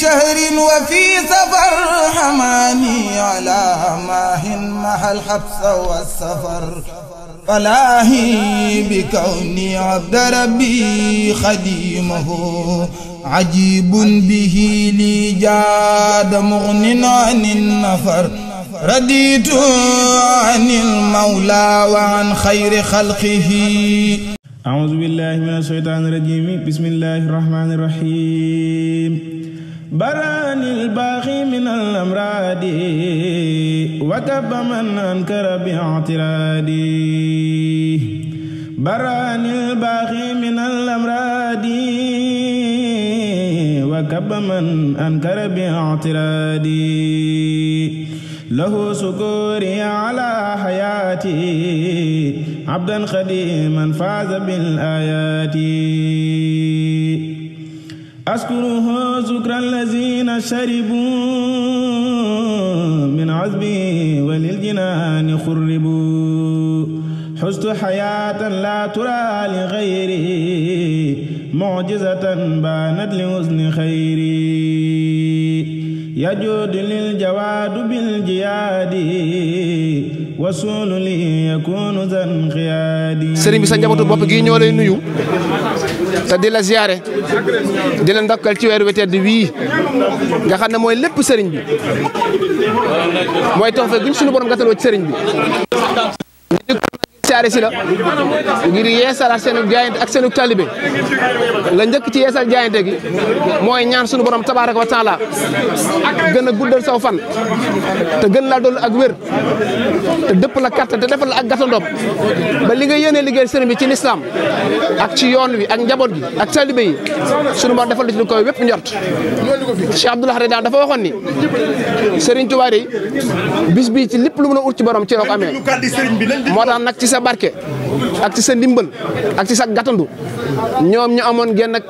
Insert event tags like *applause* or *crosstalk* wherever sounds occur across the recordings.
شهر وفي سفر حماني على ماه مع الحبس والسفر فلاهي بكوني عبد ربي خديمه عجيب به لي جاد مغن عن النفر رديت عن المولى وعن خير خلقه أعوذ بالله من الشيطان الرجيم بسم الله الرحمن الرحيم براني الباغي من الأمراض وكب من أنكر باعترادي براني الباغي من الأمراض وكب من أنكر باعترادي له سكوري على حياتي عبدا خديما فاز بالآيات askuruhu zukra allazina sharibu min azbi wa lil jinaani xurribu xustu xayaatan laa turaa li xayri mucjizatan baanat li husni xayri yajuudu lil jawaadu bil jiyaadi wasulu li yakunu zan xiyaadi sëriñ bi sa njabootu bopp gi ñoo lay nuyu te di la ziare di la ci weer wi tedd wii nga xam ne mooy lépp sëriñ bi mooy tawfeex guñ suñu borom gataloo ci sëriñ bi siyaare si la ngir yeesalaat seen jaayante ak seen talibé la ci yeesal jaayante gi mooy ñaan sunu borom tabaaraka wa gën a guddal saw fan gën laa dool ak dëpp la kàttan te defal la ak ba li nga yéene liggéey sëriñ bi ci lislaam ak ci yoon wi ak njaboot gi ak talibé yi sunu borom defal la ci lu koy wépp njort Cheikh Abdoulaye Reda dafa waxoon sëriñ Tuubaa yi bis ci lépp lu mën a ut ci borom ci la ko moo tax nag ci sa barke ak ci sa ndimbal ak ci sa gàttandu ñoom ñu amoon genn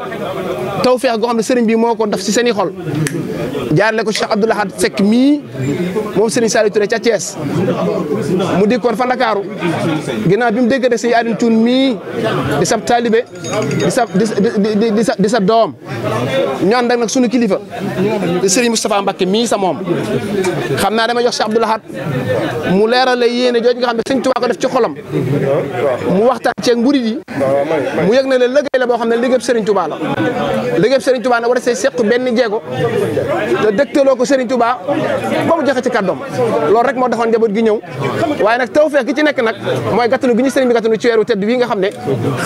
tawféex goo xam ne sëriñ bi moo ko def si seen i xol jaarale ko Cheikh Abdou Lahad Seck mii moom sëriñ Saliou ca Thiès mu dikkoon fa Ndakaaru ginnaaw bi mu déggante sëñ Alioune Thioune mii di sa di di di sa sunu kilifa di sëriñ Moustapha Mbacké mii sa moom xam naa dama jox Cheikh Abdou mu leerale yéene jooju nga xam ne sëñ Tuubaa mu waxtaan ceeg mburit yi mu yëg na leen liggéey la boo xam ne liggéey sëriñ Tuubaa la liggéey Serigne Touba nag war a see seq benn jéego te dëgtaloo ko Serigne Touba ba mu joxe ci kàddoom loolu rek moo taxoon njaboot gi ñëw waaye nag tawfeex gi ci nekk nag mooy gàttanu gi ñu Serigne bi gàttanu ci weeru tedd wi nga xam ne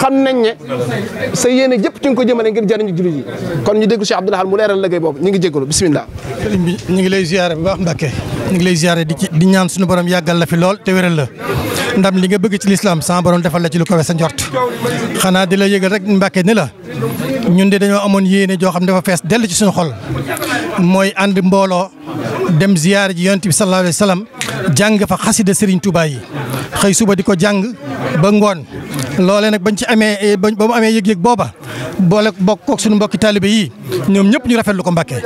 xam nañ ne sa yéene jëpp ci nga ko jëmale ngir jëriñu jullit yi kon ñu déglu Cheikh Abdoul Ahad mu leeral liggéey boobu ñu ngi jégalu bisimilah. Serigne bi ñu ngi lay ziare bu baax Mbacke ñu ngi lay ziare di ci di ñaan suñu borom yàggal la fi lool te wéral la ndam li nga bëgg ci lislaam sama borom defal la ci lu ko weesoo njort xanaa di la yëgal rek Mbacke ni la amoon yéene joo xam dafa fees dell ci suñu xol mooy ànd mbooloo dem ziyaar ji yonent bi sallallahu alayhi wa sallam jàng fa xasida Serigne Touba xëy suba di ko jàng ba ngoon loole nag bañ ci amee eh, ba mu amee yëg-yëg booba boole bokk kook suñu mbokki taalibe yi ñoom ñëpp ñu rafetlu ko mbake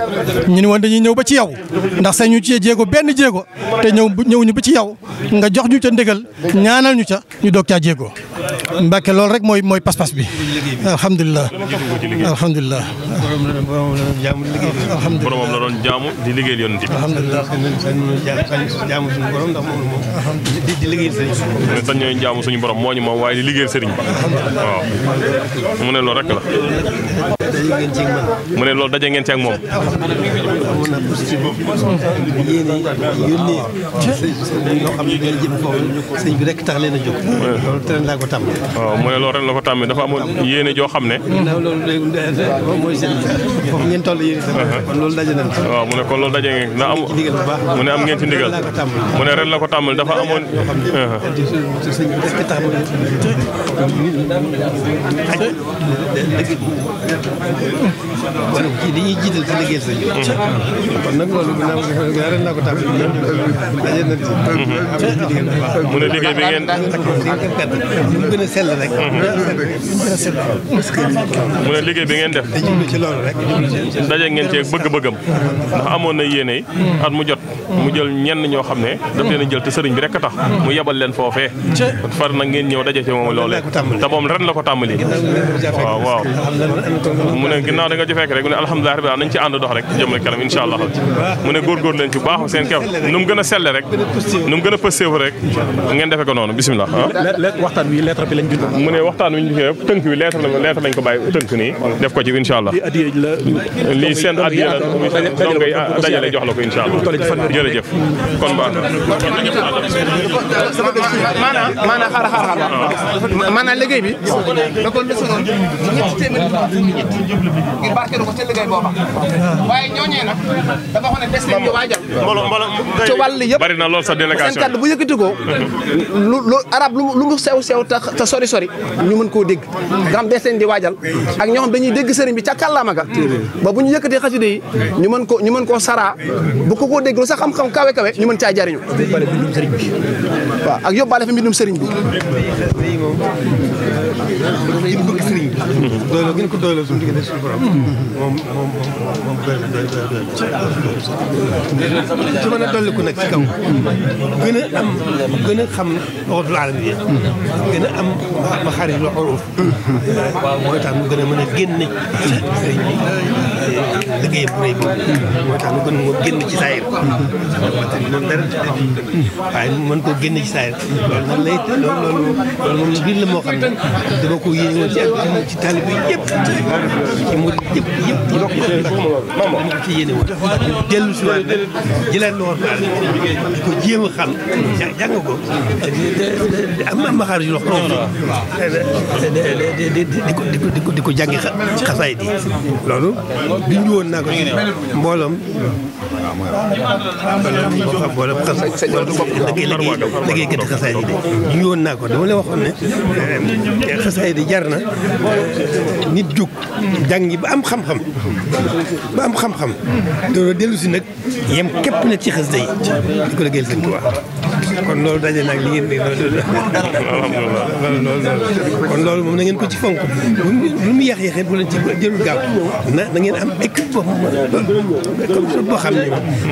ñu ni woon dañuy ñëw ba ci yow ndax sax ñu ci jéego benn jéego te ñëw ñëw ñu ba ci yow nga jox ñu ca ndigal ñaanal ñu ca ñu doog caa jéego Mbàkke loolu rek mooy mooy pas-pas bi alhamdulilah alhamdulilah boromam la doon jaamu di liggéeyal yonent bi alhamdulilah ne dañ ñooy jaamu suñu borom moo ñu moom waaye di liggéeyal sëriñ bi waaw mu ne loolu rek la mu ne loolu daje ngeen ci ak moom. sëñ bi rek tax leen a jóg. loolu ren laa ko tàmbali. mu ne loolu ren la ko tàmbali dafa amoon yéene joo xam ne. foofu ngeen toll yéen itam. kon loolu mu ne kon loolu mu am ngeen mu ren la ko tàmbali dafa amoon. kon li ko tàmbali daje na mu ne liggéey bi ngeen def ci loolu daje ngeen ci bëgg-bëggam ndax amoon na yéene at mu jot mu jël ñenn ñoo xam ne daf leen a jël te sëriñ bi rek tax mu yebal leen foofee far ngeen ñëw daje ci moom loolee te moom ren la ko tàmbali waaw waaw mu ne ginnaaw da nga ci fekk rek mu ne alhamdulilah rabbil nañ ci ànd dox rek jëm rek kanam insha allah mu ne góorgóorlu leen ci bu seen kaw nu gën a selle rek nu mu gën a pësteefu rek ngeen defe ko noonu bisimilah ah. waxtaan wi lettre bi lañ bind mu ne waxtaan wi ñu bind yëpp tënk wi lettre lettre lañ ko bàyyi tënk nii def ko ci insha allah lii seen addiye la a dajale jox la ko insha allah jërëjëf kon baax ngir barkeelu ko ci liggéey booba waaye ñooñee nag dafa xam ne des nañu waajal ci yëpp bari na lool sa délégation seen kàddu bu yëkkati ko lu lu sew sew te sori sori ñu mën koo dégg nga xam des di waajal ak ñoo xam dañuy dégg sëriñ bi ca kàllaama ga ba bu ñu yëkkatee xasida yi ñu mën ko ñu mën koo saraa bu ko koo dégg lu sax xam-xam kawe kawe ñu mën caa jariñu ak yóbbaale fa mbindum sëriñ bi diggante suñu borom. Hmm. moom moom moom moom doy na doy na ci mën a dolliku nag ci kaw. gën a am gën a xam waxatul alam bi gën a am ma xarit lu xool. Hmm. mooy tax mu gën a mën a génne. liggéey bu rëy boobu moo tax ñu gën ko génn ci saayir loolu dara waaye mën koo génn ci saayir loolu nag lay loolu loolu moom mbir la moo xam ne dama ko yéene woon ci ak ci taalib yi yëpp ci murid yëpp yëpp yëpp dama ko ci yéene woon dellu si waat nag jëlaat loxo daal di ko jéem a xam ko am ma xaar yu loxo di ko di ko di loolu duñu naa ko ci mboolam. mboolam xas liggéey gëdd xasaay yi de yoon naa ko dama eh, jar na nit jóg jàngi ba am xam-xam ba am xam-xam doora dellu si nag yem képp na ci xas day di ko liggéeyal sëñ *laughs* kon loolu daje nag li ngeen di loolu kon loolu moom na ngeen ko ci fonk lu mu yéex yéexee bu leen ci jëlul gaaw na am équipe boo boo xam ne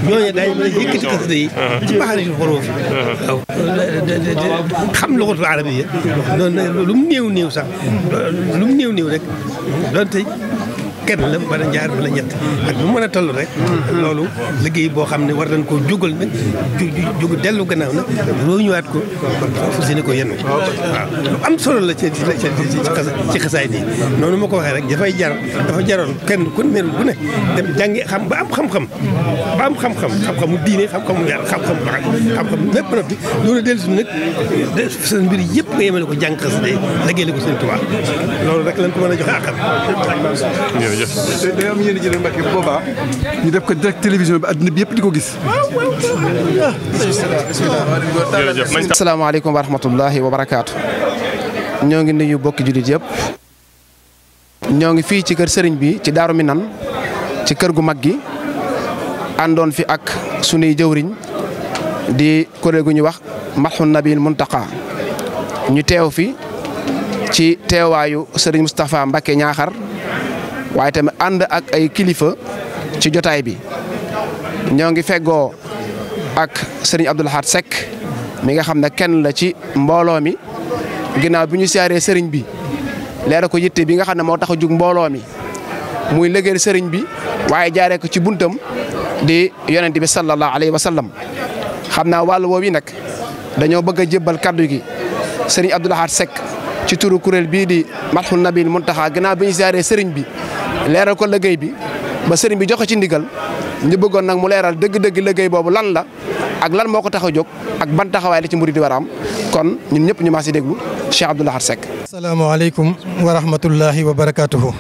ñooñu daañu a yëkkati xasida xam luxatul arabiya lu mu néew néew sax lu mu néew néew rek donte kenn la wala ñaar wala ñett ak bu mën a toll rek loolu liggéey boo xam ne war nañ koo jógal nag jóg dellu gannaaw nag rooñuwaat ko fas yéene ko yenn waaw lu am solo la ci ci xasaay bi noonu ma ko waxee rek dafay jar dafa jaroon kenn ku ne ku ne dem jàngi xam ba am xam-xam ba am xam-xam xam-xamu diine xam-xamu yàlla xam-xam xam-xam lépp noppi loolu dellu si sa mbir yëpp nga yemale ko jàng xas de liggéey la ko seen tubaab loolu rek lañ ko mën a joxe jërëjëf. bi àdduna bi yëpp di ko gis. jërëjëf. asalaamaaleykum wa rahmatullahi wa barakaatu. ñoo ngi nuyu bokki jullit yëpp. ñoo ngi fii ci kër sëriñ bi ci Daaru Minan ci kër gu mag gi àndoon fi ak sunuy jëwriñ di kuréel gu ñu wax Madhoun Nabil Mountakha ñu teew fi ci teewaayu sëriñ Moustapha Mbacke Ñaaxar. waaye tamit ànd ak ay kilifa ci jotaay bi ñoo ngi feggoo ak sëriñ Abdou Lahad mi nga xam ne kenn la ci mbooloo mi ginnaaw bi ñu siyaaree sëriñ bi leera ko yitte bi nga xam ne moo tax a jug mbooloo mi muy lëgël sëriñ bi waaye jaaree ko ci buntam di yonent bi sallallahu alayhi wa sallam xam naa wàll woowu yi nag dañoo bëgg a jébbal kaddu gi sëriñ Abdou Lahad Seck ci turu kuréel bii di Madhoun mun taxaa ginaaw bi ñu siyaaree sëriñ bi. leeral ko liggéey bi ba sëriñ bi joxe ci ndigal ñu bëggoon nag mu leeral dëgg-dëgg liggéey boobu lan la ak lan moo ko tax a jóg ak ban taxawaay la ci murid di war a am kon ñun ñëpp ñu maa si déglu Cheikh Abdou Lahad Seck. asalaamaaleykum wa rahmatullahi wa barakaatuhu.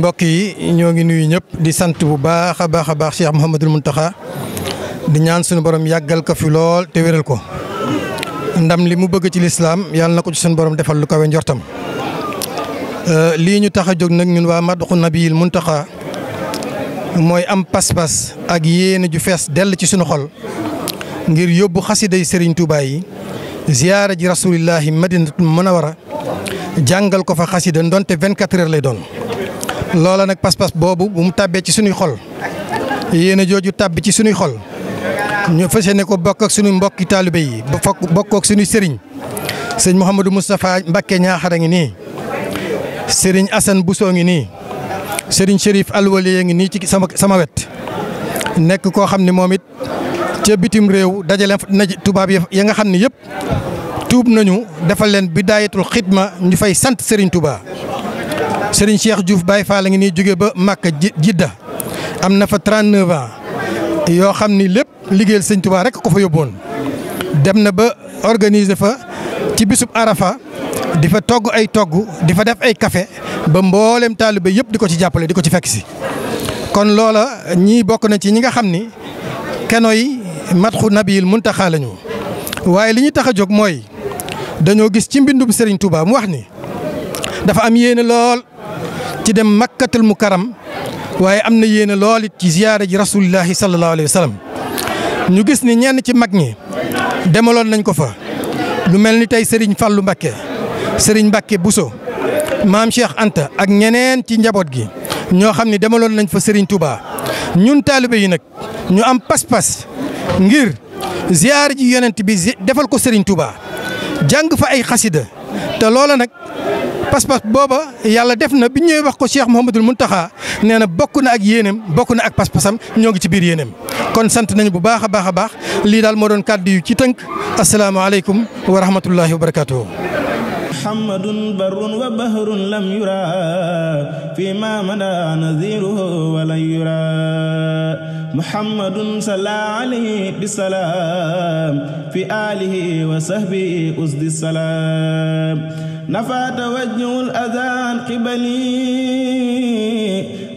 mbokk yi ñoo ngi nuyu ñëpp di sant bu baax a baax a baax Cheikh Mouhamadul Mountakha di ñaan suñu borom yàggal ko fi lool te wéral ko ndam li mu bëgg ci lislaam yàlla na ko ci suñu borom defal lu kawe njortam. Euh, lii ñu tax a jóg nag ñun waa Madou Nabiyil taxa mooy am pas-pas ak yéene ju fees dell ci suñu xol ngir yóbbu xasiday Serigne Touba yi ziyaara ji rasulillahi madinatul munawara jàngal ko fa xasida ndonte 24 heures lay doon. loola nag pas-pas boobu bu mu tàbbee ci suñuy xol yéene jooju tàbbi ci suñuy xol ñu fas yéene ko bokk ak suñu mbokki taalibe yi bokk ak suñuy sëriñ sëñ Mouhamadou Moustapha Mbacké ñaaxara ngi nii. Serigne Assane Bousso ngi nii Serigne Chérif Alwaliya ngi nii ci sama sama wet nekk koo xam ne moom it ca bitim réew dajale na tubaab ya nga xam ne yëpp tuub nañu defal leen bidaayatul xidma ñu fay sant Serigne Touba. Serigne Cheikh Diouf Baye la ngi nii jugee ba Màkka Jidda am na fa 39 ans yoo xam ni lépp liggéeyal Serigne Touba rek ko fa yóbboon dem na ba organiser fa ci bisub Arafa. di fa togg ay togg di fa def ay kafe ba mboolem taalibe yëpp di ko ci jàppale di ko ci fekk si. kon loola ñii bokk na ci ñi nga xam ni keno yi matxu nabiyil muntaxa lañu waaye li ñu tax a jóg mooy dañoo gis ci mbindum sëriñ Touba mu wax ni dafa am yéene lool ci dem makkatul karam waaye am na yéene lool it ci ziyaara ji rasulillahi sallallahu alayhi ñu gis ni ñenn ci mag ñi demaloon nañ ko fa lu mel ni tey Serigne Fallou Mbacké Serigne Mbacke Bousso maam Cheikh Anta ak ñeneen ci njaboot gi ñoo xam ne demaloon nañ fa Serigne Touba ñun taalibe yi nag ñu am paspas ngir ziar ji yonent bi defal ko Serigne Touba jàng fa ay xasida te loola nag pas-pas booba yàlla def na bi ñëwee wax ko Cheikh Mouhamadul Mountakha nee na bokk na ak yéenam bokk na ak pas-pasam ñoo gi ci biir yéenam kon sant nañu bu baax a baax a baax lii daal moo doon kàddu yu ci tënk asalaamaaleykum wa rahmatullahi wa barakaatuhu محمد بر وبهر لم يرى فيما مدى نذيره ولن يرى محمد صلى عليه بالسلام في آله وصحبه أسد السلام نفى توجه الأذان قبلي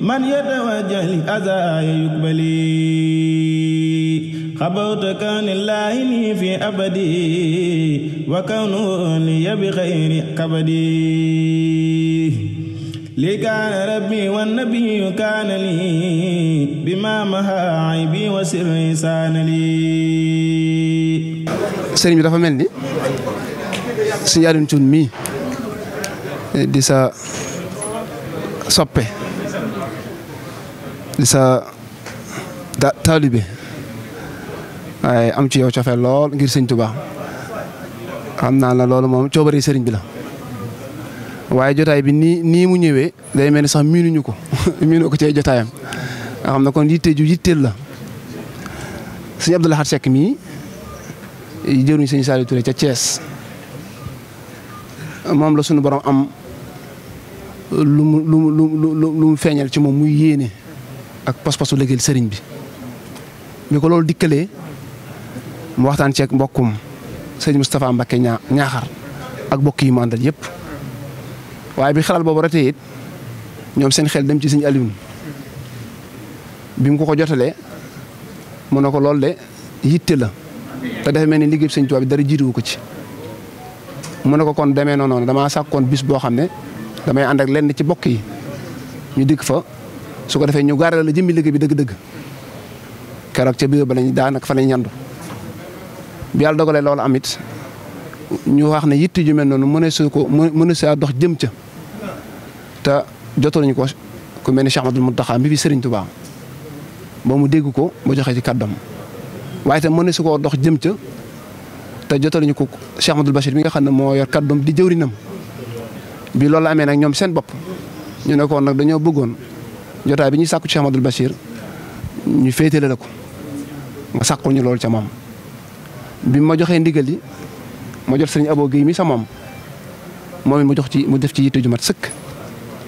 من يتوجه لأذى يقبلي xabawta kaanillaahi nii fi abadi wa kawnu liya bi xayri kabadi li kaana rabbi wa nabiyu kaana li bi ma maha aybi wa sirri saana li sëriñ bi dafa mel ni suñu Alioune Thioune mii eh, di sa soppe di sa taalibe waaye am ci yow cofeel lool ngir sëñ Tuubaa xam naa la loolu moom coobare sëriñ bi la waaye jotaay bi nii nii mu ñëwee day mel ni sax miinuñu ko *laughs* miinu ko ci ay jotaayam nga xam ne kon yitte ju yitteel la sëñ Abdou Lahad Seck mii jëruñ sëñ Saliou Touré ca Thiès moom la suñu borom am lu mu feeñal ci moom muy yéene ak pas-pasu lëgël sëriñ bi bi ko loolu dikkalee mu waxtaan ceeg mbokkum sëñ Moustapha Mbacke ñaaxar ak mbokk yi mu àndal yëpp waaye bi xalaat boobu ratee it ñoom seen xel dem ci sëñ Alioune bi mu ko ko jotalee mu ne ko loolu de yitte la te dafa mel ni liggéey sëñ Tuubaa bi dara jiituwu ko ci. mu ne ko kon demee noonu damaa sàkkoon bis boo xam ne damay ànd ak lenn ci bokk yi ñu dikk fa su ko defee ñu gaarale la jëmmi liggéey bi dëgg-dëgg keroog ca biir ba lañ daanaka fa lañ ñandu bi yàlla dogalee loolu am ñu wax ne yitt ju mel noonu mën su ko mën saa dox jëm ca te jotaluñu ko ku mel ni Cheikh Ahmadul Muntaxa bi fi Serigne Touba ba mu dégg ko ba joxe ci kàddam waaye itam mën su koo dox jëm ca te jotaluñu ko Cheikh Ahmadul Bachir bi nga xam ne moo yor kàddam di jëwrinam bi loolu amee nag ñoom seen bopp ñu ne ko nag dañoo bëggoon jotaay bi ñuy ci Cheikh Ahmadul Bachir ñu féetale la ko nga sàkkul loolu ca moom. bi ma joxee ndigal li ma jox sëriñ aboo Guèye mi sa moom moom it mu jox ci mu def ci yitte ju mat sëkk.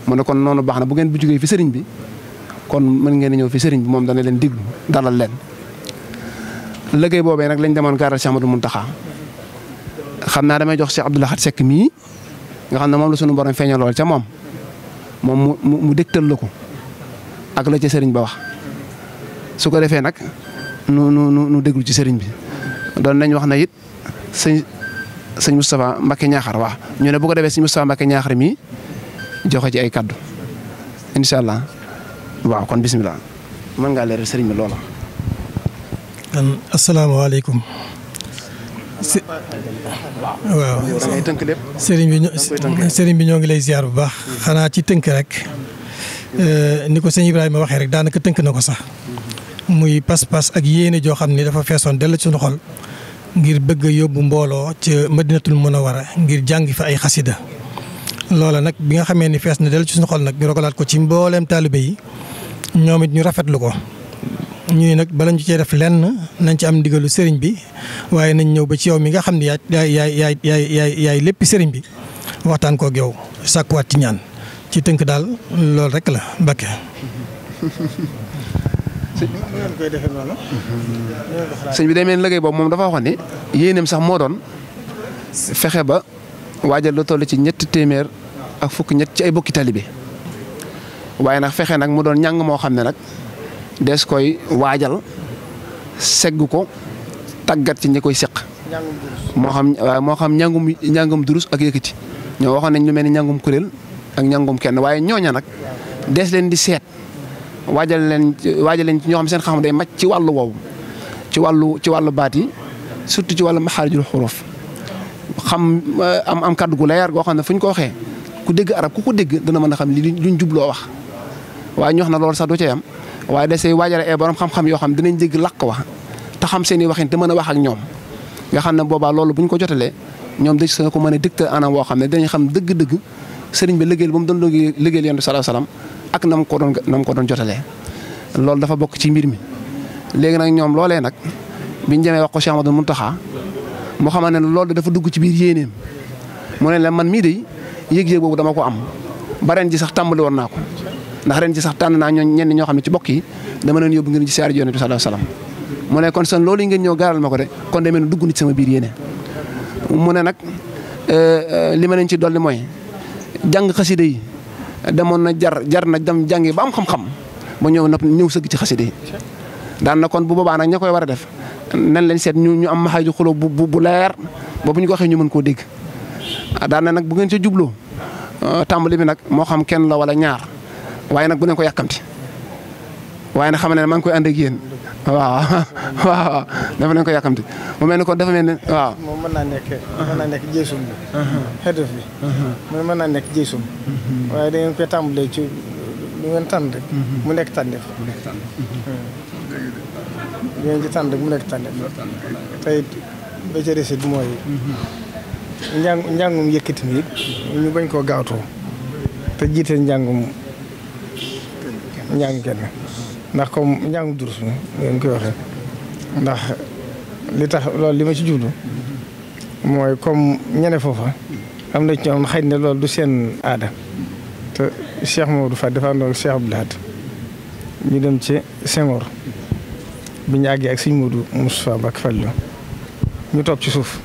mu ne kon noonu baax na bu ngeen bu jógee fi sëriñ bi kon mën ngeen ñëw fi sëriñ bi moom dana leen diglu dalal leen. liggéey boobee nag lañ demoon gaaral Cheikh Amadou Mountakha xam naa damay jox Cheikh Abdou Lahad Seck mii nga xam ne moom la sunu borom feeñalool ca moom moom mu mu mu dégtal la ko ak la ca sëriñ ba wax su ko defee nag nu nu nu déglu ci sëriñ bi. doon nañ wax na it sëñ sëñ Moustapha Mbacke ñaaxar wa ñu ne bu ko defee sëñ Moustapha Mbacke ñaaxar mii joxe ci ay kaddu incha allah waaw kon bisimilah mën ngaa leeral sëriñ bi loola. kon asalaamaaleykum. waaw sëriñ bi sëriñ bi ñoo ngi lay ziar bu baax. xanaa ci tënk rek. Eh, ni ko sëñ Ibrahima waxee rek daanaka tënk na ko sax. muy pas-pas ak yéene joo xam ni dafa feesoon dell ci suñu xol ngir bëgg a yóbbu mbooloo ca madinatul munawara ngir jàng fi ay xasida loola nag bi nga xamee ni fees na dell ci suñu xol nag ñu rogalaat ko ci mbooleem taalibe yi ñoom it ñu rafet lu ko ñuy nag bala ñu cee def lenn nañ ci am digalu sëriñ bi waaye nañ ñëw ba ci yow mi nga xam ne yaay yaay yaay yaay yaay lépp sëriñ bi waxtaan kook yow sàkkuwaat ci ñaan ci tënk daal loolu rek la Mbakke. Mhm. sëñ bi day mel liggéey boobu moom dafa waxoon ni yéeneem sax moo doon fexe ba waajal lu toll ci ñett téeméer ak fukk ñett ci ay bokki taalibe waaye nag fexe nag mu doon ñàng moo xam ne nag des koy waajal segg ko tàggat ci ñi koy seq. moo xam moo xam ñàngum ñàngum durus ak yëkkati ñoo waxoon nañ lu mel ni ñàngum kuréel ak ñàngum kenn waaye ñooña nag des leen di seet. waajal leen waajal leen ci ñoo xam seen xam-xam day màcc ci wàllu woowu ci wàllu ci wàllu baat yi surtout ci wàllu maxaarijul xuruuf xam euh, am am kàddu gu leer goo xam ne fu ñu ko waxee ku dégg arab ku ko dégg dana mën a xam li luñ jubloo wax waaye ñu wax na loolu sax du ca yam waaye da say waajale ay borom xam-xam yoo xam dinañ dégg làkk wax te xam seen i waxin te mën a wax ak ñoom nga xam ne boobaa loolu bu ñu ko jotalee ñoom dañ sa ko mën a dicté anam woo xam ne dinañ xam dëgg-dëgg sëriñ bi liggéeyal ba mu doon liggéeyal yonent sallallahu alayhi wasallam ak na ko doon na ko doon jotalee loolu dafa bokk ci mbir mi. léegi nag ñoom loolee nag biñ demee wax ko si Cheikh mun Mountakha mu xamal ne loolu dafa dugg ci biir yéeneem mu ne la man mii de yëg boobu dama ko am ba ji sax tàmbali woon naa ko ndax ren ji tànn naa ñooñu ñenn ñoo xam ne ci bokk yi dama leen yóbbu ngeen ci siyaare Yonent bi sallallahu alayhi wasallam mu ne kon san yi ngeen ñëw gaaral ma ko de kon demee nu dugg nit sama biir yéene ne nag euh, euh, li ma leen ci dolli mooy jàng xasida yi demoon na jar jar na dem jàngi ba am xam-xam ba ñëw nag ñëw sëgg ci xaside yi daan na kon bu boobaa nag ña koy war a def nan leen seet ñu ñu am maxaaju xuloo bu bu bu leer ba bu ñu ko waxee ñu mën koo dégg daan na nag bu ngeen ca jubloo euh, tàmbali bi nag moo xam kenn la wala ñaar waaye nag bu leen ko yàkkamti waaye nag xam ne maa ngi koy ànd ak waaw *laughs* waaw dafa ko yàkkamti mu mel ni kon dafa mel moom mën naa nekk mën naa nekk jeesum bi. xedof mën naa nekk jeesum. waaye da ngeen koy tàmbalee ci lu ngeen tànn rek. mu nekk tànneef. mu nekk tànn rek mu nekk tànneef. tey ba ca des it mooy. njàng njàngum yëkkati mi ñu bañ koo gaawtoo te jiite njàngum njàng kenn. ndax comme njàngum durus mi ngeen koy waxee ndax li tax loolu li ma ci jublu mooy comme ñene foofa am na ci ñoom xëy na loolu du seen aada te Cheikh du Fat dafa àndoon Cheikh Abdou Lahad ñu dem ci Senghor bi ñu àggee ak sëñ Modou Moustapha Mbacké Fallou ñu toog ci suuf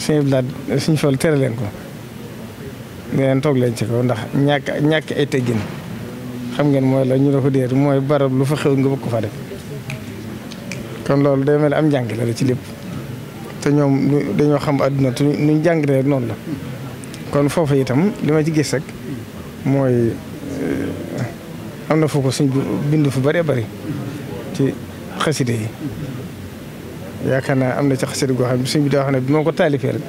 sëñ Abdou Lahad sëñ Fall tere leen ko ne leen toog leen ci kaw ndax ñàkk ñàkk ay teggin xam ngeen mooy la ñu la ko déet mooy barab lu fa xew nga bëgg ko fa def kon loolu day mel am njàngale la ci lépp te ñoom dañoo xam àdduna te nuñ jàngalee noonu la kon foofu itam li ma ci gis rek mooy eh, am na foo ko suñ bind fu bëree bëri ci xaside yi yaakaar naa am na ci xaside goo xam ne suñ bi ne bi moo ko taalifee rek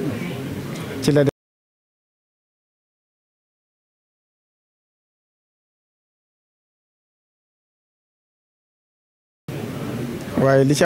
ci la waaye li ci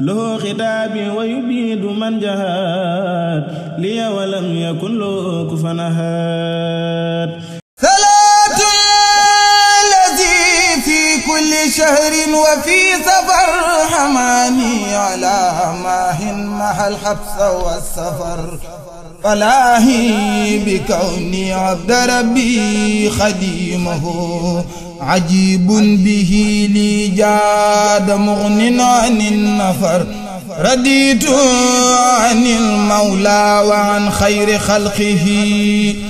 له خطاب ويبيد من جهاد لي ولم يكن له كفوا أحد صلاة الذي في كل شهر وفي سفر حماني على ماهن مع الحبس والسفر falaahi bi kawni abda rabbi xadimahu ajibun bihi li jaada mugnin anin nafar raditu anil mawla wa an xayri xalqihi